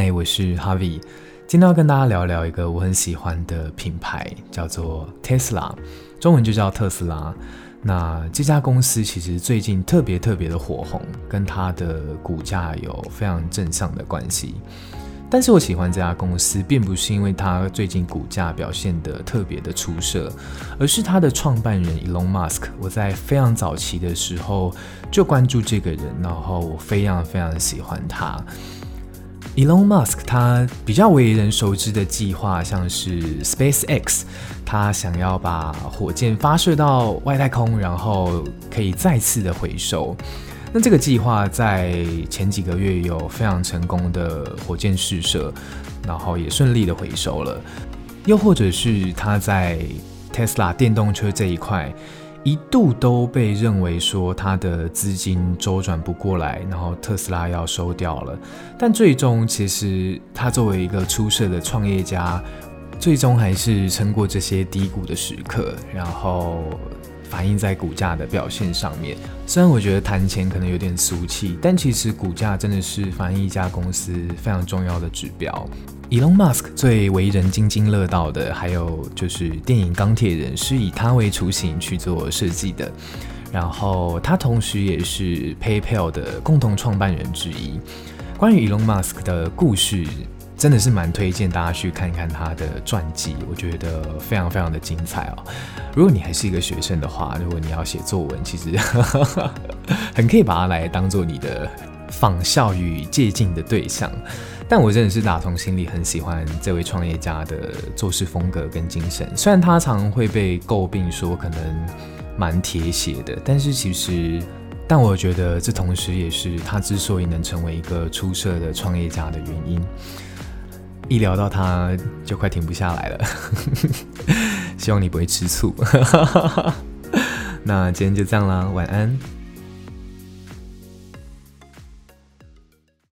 嗨，我是 Harvie。今天要跟大家聊聊一個我很喜歡的品牌，叫做 Tesla。中文就叫特斯拉。那這家公司其實最近特別特別的火紅，跟它的股價有非常正向的關係。但是我喜歡這家公司，並不是因為它最近股價表現得特別的出色，而是它的創辦人 Elon Musk。我在非常早期的時候就關注這個人，然後我非常非常喜歡他。Elon Musk，他比較為人熟知的計劃，像是 SpaceX，他想要把火箭發射到外太空，然後可以再次的回收。那這個計劃在前幾個月有非常成功的火箭試射，然後也順利的回收了。又或者是他在 Tesla 電動車這一塊。一度都被認為說他的資金周轉不過來，然後特斯拉要收掉了。但最終，其實他作為一個出色的創業家，最終還是撐過這些低谷的時刻，然後反映在股價的表現上面。雖然我覺得談錢可能有點俗氣，但其實股價真的是反映一家公司非常重要的指標。Elon Musk 最為人津津樂道的，還有就是電影《鋼鐵人》是以他為雛形去做設計的。然後他同時也是 PayPal 的共同創辦人之一。關於 Elon Musk 的故事，真的是蠻推薦大家去看看他的傳記，我覺得非常非常的精彩哦。如果你還是一個學生的話，如果你要寫作文，其實很可以把它來當做你的。仿效與借鑑的對象，但我真的是打從心裡很喜歡這位創業家的做事風格跟精神。雖然他常會被詬病說可能蠻鐵血的，但是其實，但我覺得這同時也是他之所以能成為一個出色的創業家的原因。一聊到他就快停不下來了， 希望你不會吃醋。 那今天就這樣啦，晚安。